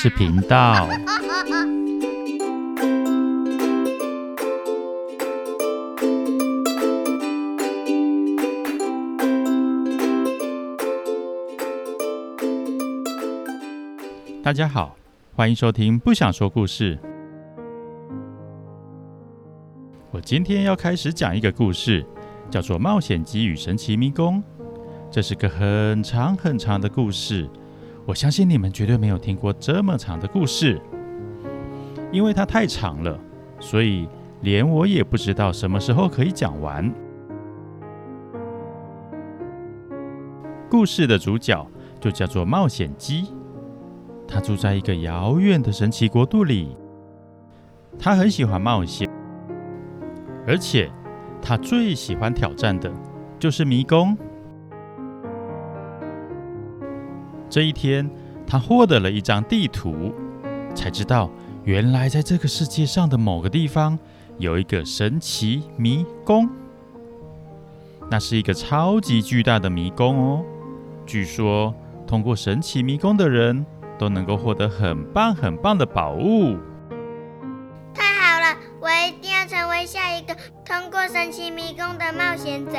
是頻道。 大家好，歡迎收聽《不想說故事》。我今天要開始講一個故事，叫做《冒險雞與神奇迷宮》。這是個很長很長的故事。我相信你們絕對沒有聽過這麼長的故事，因為它太長了，所以連我也不知道什麼時候可以講完。故事的主角就叫做冒險雞，他住在一個遙遠的神奇國度裡。他很喜歡冒險，而且他最喜歡挑戰的就是迷宮。這一天，他獲得了一張地圖，才知道原來在這個世界上的某個地方有一個神奇迷宮。那是一個超級巨大的迷宮哦！據說通過神奇迷宮的人都能夠獲得很棒很棒的寶物。太好了，我一定要成為下一個通過神奇迷宮的冒險者。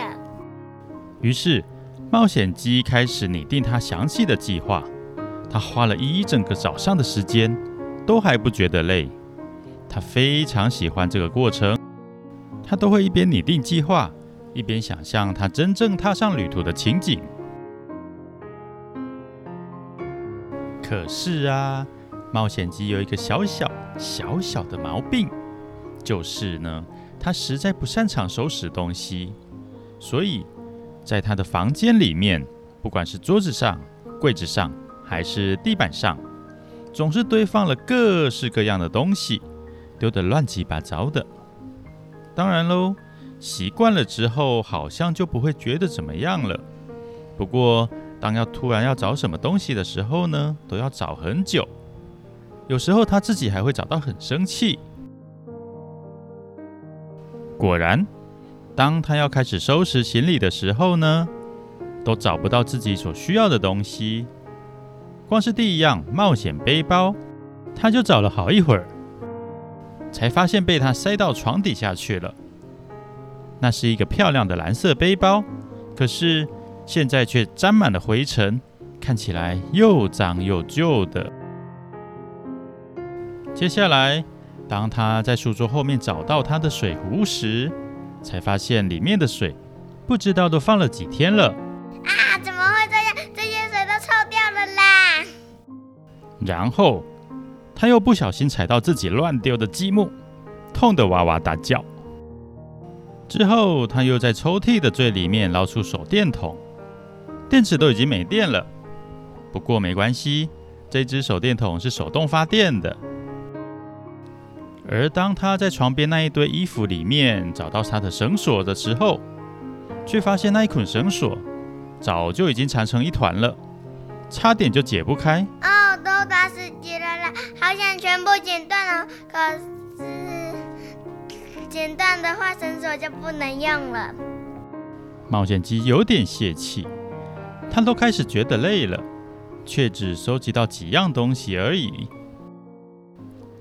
於是。冒險雞開始擬定他詳細的計劃，他花了一整個早上的時間，都還不覺得累。他非常喜歡這個過程，他都會一邊擬定計劃，一邊想象他真正踏上旅途的情景。可是啊，冒險雞有一個小小小小的毛病，就是呢，他實在不擅長收拾東西，所以，在他的房間裡面，不管是桌子上、櫃子上，還是地板上，總是堆放了各式各樣的東西，丟得亂七八糟的。當然嘍，習慣了之後，好像就不會覺得怎麼樣了。不過，當要突然要找什麼東西的時候呢，都要找很久。有時候他自己還會找到很生氣。果然。當他要開始收拾行李的時候呢，都找不到自己所需要的東西。光是第一樣冒險背包，他就找了好一會兒，才發現被他塞到床底下去了。那是一個漂亮的藍色背包，可是現在卻沾滿了灰塵，看起來又髒又舊的。接下來，當他在書桌後面找到他的水壺時，才發現裡面的水，不知道都放了幾天了啊！怎麼會這樣？這些水都臭掉了啦！然後他又不小心踩到自己亂丟的積木，痛得哇哇大叫。之後他又在抽屜的最裡面撈出手電筒，電池都已經沒電了。不過沒關係，這只手電筒是手動發電的。而當他在床邊那一堆衣服裡面找到他的繩索的時候，卻發現那一捆繩索早就已經纏成一團了，差點就解不開。哦，都打死結了啦！好想全部剪斷了哦，可是剪斷的話繩索就不能用了。冒險雞有點洩氣，他都開始覺得累了，卻只收集到幾樣東西而已。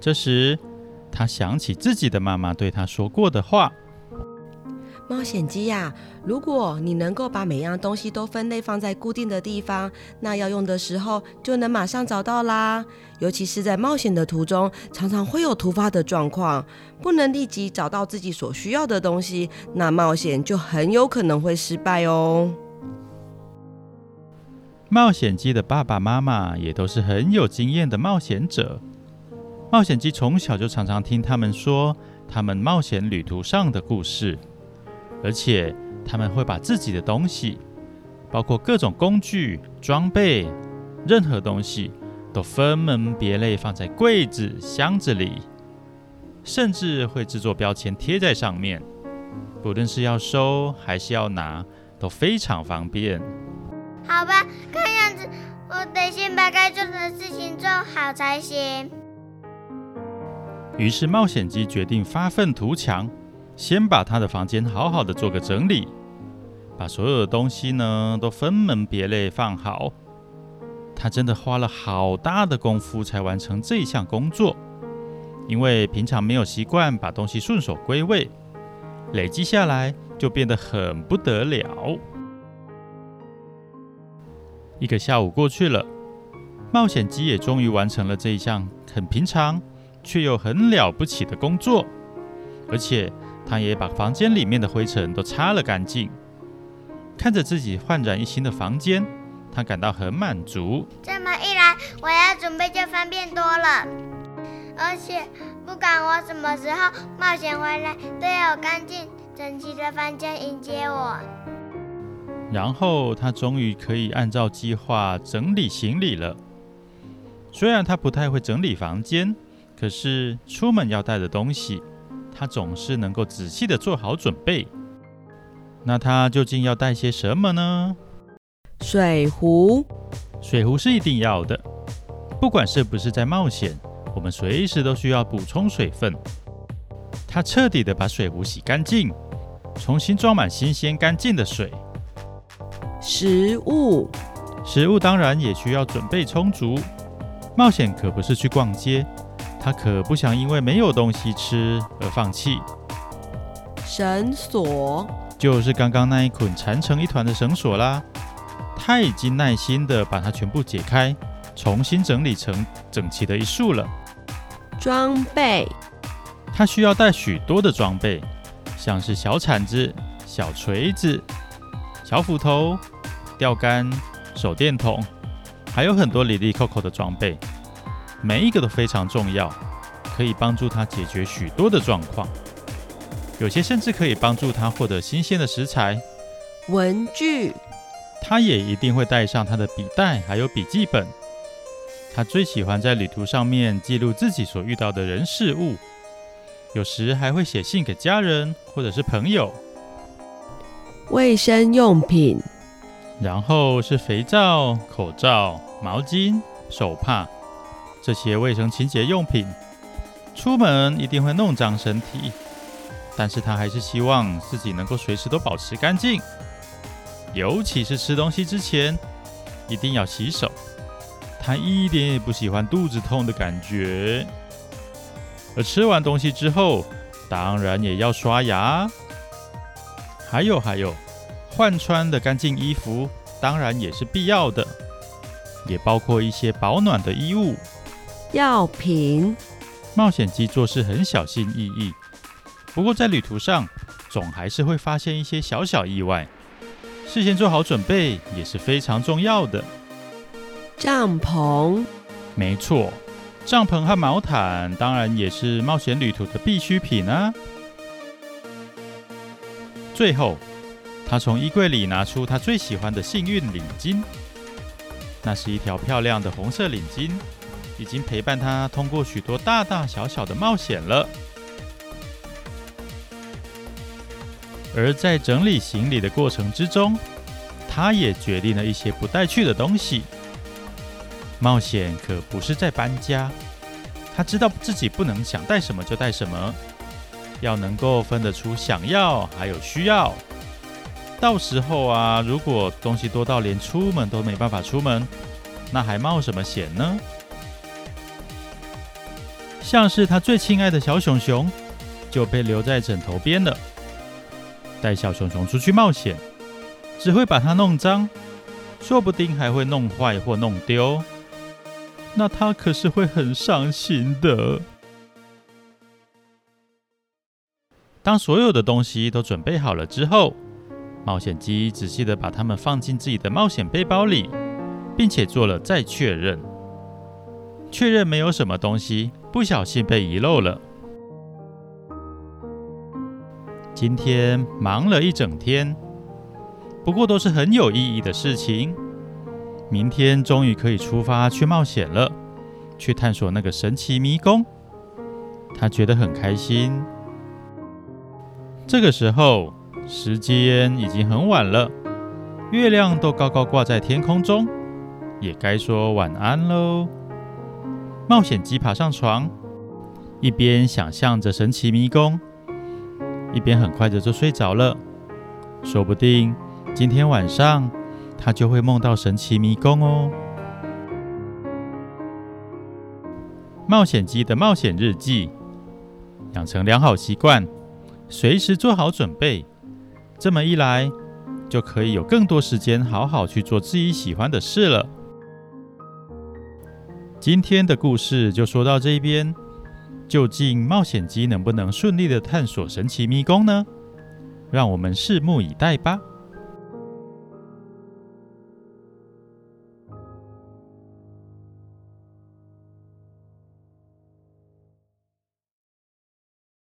這時。他想起自己的媽媽對他說過的話：“冒險雞呀、啊，如果你能夠把每樣東西都分類放在固定的地方，那要用的時候就能馬上找到啦。尤其是在冒險的途中，常常會有突發的狀況，不能立即找到自己所需要的東西，那冒險就很有可能會失敗哦。”冒險雞的爸爸媽媽也都是很有經驗的冒險者。冒險雞從小就常常聽他們說他們冒險旅途上的故事，而且他們會把自己的東西，包括各種工具、裝備、任何東西，都分門別類放在櫃子、箱子裡，甚至會制作標籤貼在上面。不論是要收還是要拿，都非常方便。好吧，看樣子我得先把該做的事情做好才行。於是，冒險雞決定發憤圖強，先把他的房間好好的做個整理，把所有的東西呢都分門別類放好。他真的花了好大的功夫才完成這一項工作，因為平常沒有習慣把東西順手歸位，累積下來就變得很不得了。一個下午過去了，冒險雞也終於完成了這一項很平常，卻又很了不起的工作，而且他也把房間裡面的灰塵都擦了乾淨。看着自己煥然一新的房間，他感到很滿足。這麼一來，我要準備就方便多了，而且不管我什麼時候冒險回來，都有乾淨整齊的房間迎接我。然後他終於可以按照計劃整理行李了。雖然他不太會整理房間。可是出門要帶的東西，他總是能夠仔細的做好準備。那他究竟要帶些什麼呢？水壺，水壺是一定要的。不管是不是在冒險，我們隨時都需要補充水分。他徹底的把水壺洗乾淨，重新裝滿新鮮乾淨的水。食物，食物當然也需要準備充足。冒險可不是去逛街。他可不想因為沒有東西吃而放棄。繩索就是剛剛那一捆纏成一團的繩索啦。他已經耐心地把它全部解開，重新整理成整齊的一束了。裝備，他需要帶許多的裝備，像是小鏟子、小錘子、小斧頭、釣竿、手電筒，還有很多里里扣扣的裝備。每一個都非常重要，可以幫助他解決許多的狀況。有些甚至可以幫助他獲得新鮮的食材。文具，他也一定會帶上他的筆袋，還有筆記本。他最喜歡在旅途上面記錄自己所遇到的人事物，有時還會寫信給家人或者是朋友。衛生用品，然後是肥皂、口罩、毛巾、手帕。這些衛生清潔用品，出門一定會弄髒身體，但是他還是希望自己能夠隨時都保持乾淨，尤其是吃東西之前一定要洗手。他一點也不喜歡肚子痛的感覺，而吃完東西之後，當然也要刷牙。還有還有，換穿的乾淨衣服當然也是必要的，也包括一些保暖的衣物。藥品。瓶冒險雞做事很小心翼翼，不過在旅途上，總還是會發現一些小小意外。事先做好準備也是非常重要的。帳篷。沒錯，帳篷和毛毯當然也是冒險旅途的必需品啊。最後，他從衣櫃裡拿出他最喜歡的幸運領巾，那是一條漂亮的紅色領巾。已經陪伴他通過許多大大小小的冒險了。而在整理行李的過程之中，他也決定了一些不帶去的東西。冒險可不是在搬家，他知道自己不能想帶什麼就帶什麼，要能夠分得出想要還有需要。到時候啊，如果東西多到連出門都沒辦法出門，那還冒什麼險呢？像是他最親愛的小熊熊，就被留在枕頭邊了。帶小熊熊出去冒險，只會把它弄髒，說不定還會弄壞或弄丟，那它可是會很傷心的。當所有的東西都準備好了之後，冒險雞仔細的把它們放進自己的冒險背包裡，並且做了再確認。確認沒有什麼東西不小心被遺漏了。今天忙了一整天，不過都是很有意義的事情。明天終於可以出發去冒險了，去探索那個神奇迷宮。他覺得很開心。這個時候，時間已經很晚了，月亮都高高掛在天空中，也該說晚安嘍。冒險雞爬上床，一邊想象着神奇迷宮，一邊很快的就睡着了。說不定今天晚上牠就會夢到神奇迷宮哦。冒險雞的冒險日記，養成良好習慣，隨時做好準備。這麼一來，就可以有更多時間好好去做自己喜歡的事了。今天的故事就說到這一邊，究竟冒險雞能不能順利的探索神奇迷宮呢？讓我們拭目以待吧。